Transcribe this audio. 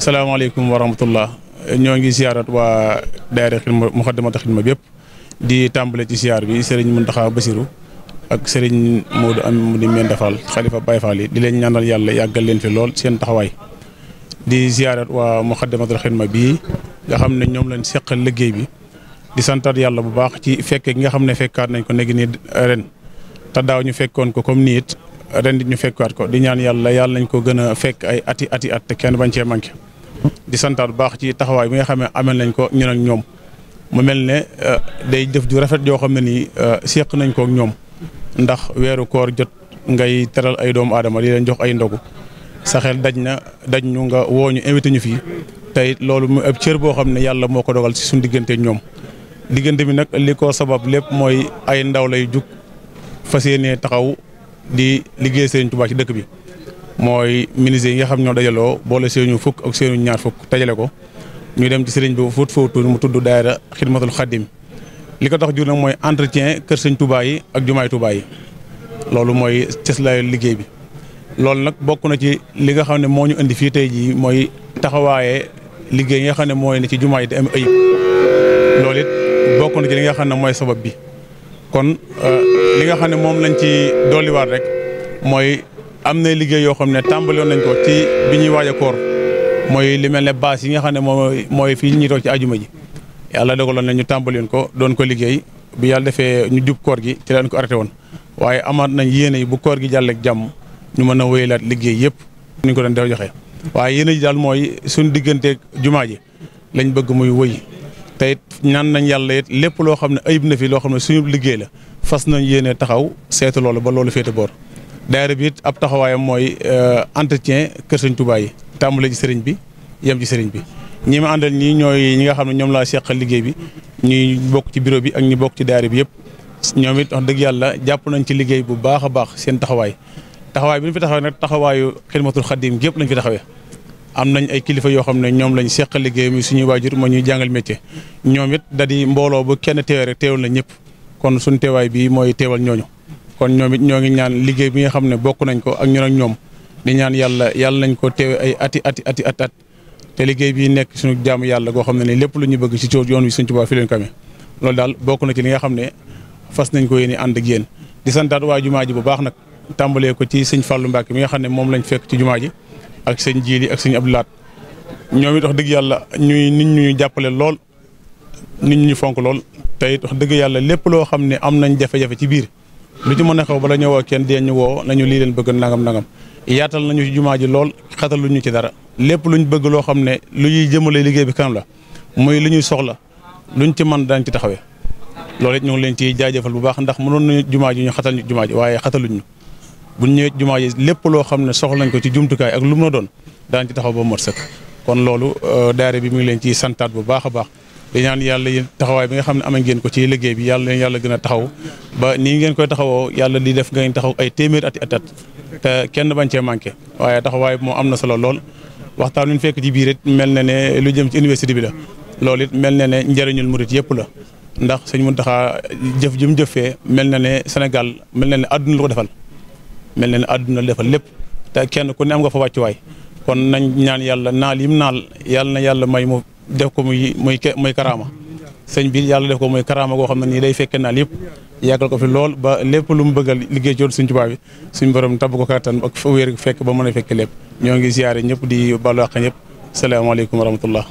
salaamaaleykum wa rahmatullah ñoo ngi siyaarat waa daayira xidma muxaddamata xidma bépp di tàmbale ci siyaar bi sëriñ Muntaxa Basiru ak sëriñ moo Moodu mu Menda Fall xalifa Baay Fall yi di leen ñaanal yàlla yàggal leen fi lool seen taxawaay di siyaarat waa muxaddamatul ma bii nga xam ne ñoom leen seqal liggéey bi di santaat yàlla bu baax ci fekke gi nga xam ne fekkaat nañ ko negi nii ren te daaw ñu fekkoon ko comme niit ren di ñu fekkaat ko di ñaan yàlla yàlla nañ ko gën a fekk ay ati ati at kenn bañ cee manqué di santaar bu baax ci taxawaay bi nga xam ne amel nañ ko ñun ak ñoom mu mel ne euh, day jëf ju rafet joo xam ne nii euh, seq nañ ko ak ñoom ndax weeru koor jot ngay teral ay doomu aadama di leen jox ay ndogu sa xel daj na daj ñu nga wooñu ñu invité ñu fii tey loolu mu ab cër boo xam ne yàlla moo ko dogal ci suñu diggante ñoom diggante bi nag li ko sabab lépp mooy ay ndaw lay jug fas yéenee taxaw di liggéey seen Tuubaa ci dëkk bi. mooy ministres yi nga xam ñoo dajaloo boole seenu fukk ak seenu ñaar fukk tajale ko ñu dem ci sëriñ bi fóot fóotu mu tudd daayira xidmatul xaddim li ko tax jur nag mooy entretien kër sëñ Touba yi ak jumaay Touba yi loolu mooy cëslaayu liggéey bi. loolu nag bokk na ci li nga xam ne moo ñu indi fii tey jii mooy taxawaaye liggéey yi nga xam ne mooy ne ci jumaa yi di am loolu it bokk ci li nga xam ne mooy sabab bi kon euh, li nga xam ne moom lañ ci dolliwaat rek mooy. am nañ liggéey yoo xam ne tàmbaloon nañ ko ci bi ñuy waaj koor mooy li mel ne baas yi nga xam ne moom mooy fii ñuy toog ci ajuma ji yàlla dogaloon na ñu tàmbaloon ko doon ko liggéey bi yàlla defee ñu jub koor gi ci leen ko arrêté woon waaye amaat nañ yéene yi bu koor gi jàll ak jàmm ñu mën a wéyalaat liggéey yëpp ñu ko doon def joxe waaye yéene ji daal mooy suñu digganteeg jumaa ji lañ bëgg muy wëy te it ñaan nañ yàlla yit lépp loo xam ne ayib na fi loo xam ne suñu liggéey la fas nañ yéene taxaw seetu loolu ba loolu féete boor daayira bi it ab taxawaayam mooy euh, entretien kër sëñ tubaay yi tàmbale ci sëriñ bi yem ci sëriñ bi ñi ma àndal ñii ñooy ñi nga xam ne ñoom laa seqal liggéey bi ñuy bokk ci bureau bi ak ñi bokk ci daayira bi yëpp ñoom it wax dëgg yàlla jàpp nañ ci liggéey bu baax a baax seen taxawaay taxawaay bi ñu fi taxawee nag taxawaayu xidmatul xaddim gépp lañ fi taxawee am nañ ay kilifa yoo xam ne ñoom lañ seqal liggéey mi suñuy waajur ma ñuy jàngal métier ñoom it da di mbooloo bu kenn teewee rek teewal ñëpp kon suñ teewaay bi mooy teewal ñooñu kon ñoom it ñoo ngi ñaan liggéey bi nga xam ne bokk nañ ko ak ñun ñoom di ñaan yàlla yàlla nañ ko teewe ay ati ati ati at te liggéey bii nekk suñu jaamu yàlla goo xam ne ne lépp lu ñu bëgg ci coow yoon wi Sëñ Tuubaa fi leen kame loolu daal bokk na ci li nga xam ne fas nañ ko yéene ànd ak yéen di santaat waa jumaa ji bu baax nag tàmbalee ko ci sëñ Fallou Mbacke bi nga xam ne moom lañu fekk ci jumaa ji ak sëñ Jili ak sëñ Abdoulaat ñoom it wax dëgg yàlla ñuy nit ñu jàppale lool nit ñu fonk lool te it dëgg yàlla lépp loo xam ne am nañ jafe ci biir lu ci mën a xew bala ñëw ak kenn dee ñu woo nañu lii leen bëgg nangam nangam yaatal nañu ci jumaa ji lool xatal luñu ci dara lépp lu ñu bëgg loo xam ne lu ñuy jëmale liggéey bi kanam la muy lu ñuy soxla luñ ci mën daañ ci taxawee loolu it leen ci jaajëfal bu baax ndax mënoon nañu jumaa ji ñu xatal ñu jumaa ji waaye xataluñ ñu buñ ñëwee jumaa ji lépp loo xam ne soxla nañ ko ci jumtukaay ak lu mu na doon daañ ci taxaw ba mot sëkk kon loolu euh, daare bi mu ngi leen ciy santaat bu baax a baax di ñaan yàlla yéen taxawaay bi nga xam ne am ngeen ko ci liggéey bi yàlla gën a taxaw ba nii ngeen koy taxawoo yàlla di def ngeen taxaw ay téeméer at atat te kenn bañ cee manqué waaye taxawaay moo am na solo lool waxtaan wi ñu fekk ci biir it mel na ne lu jëm ci université bi la loolu it mel na ne njëriñul murit yëpp la ndax sëñ Muntaxa jëf jëm jëfee mel na ne Sénégal mel na ne àdduna la ko defal mel na ne àdduna la lépp te kenn ku ne am nga fa waay kon nañ ñaan yàlla naal yim naal yàlla na yàlla may mu def ko muy muy muy karaama sëñ bi yàlla def ko mooy karaama goo xam ne nii day fekke naal yëpp yàggal ko fi lool ba lépp lu mu bëggal liggéey ci suñ Sëñ Tuubaa bi suñ borom tabb ko kattan ak wér fekk ba mën a fekkee lépp ñoo ngi ziyaare ñëpp di balwaaq ñëpp salaamaaleykum wa rahmatullah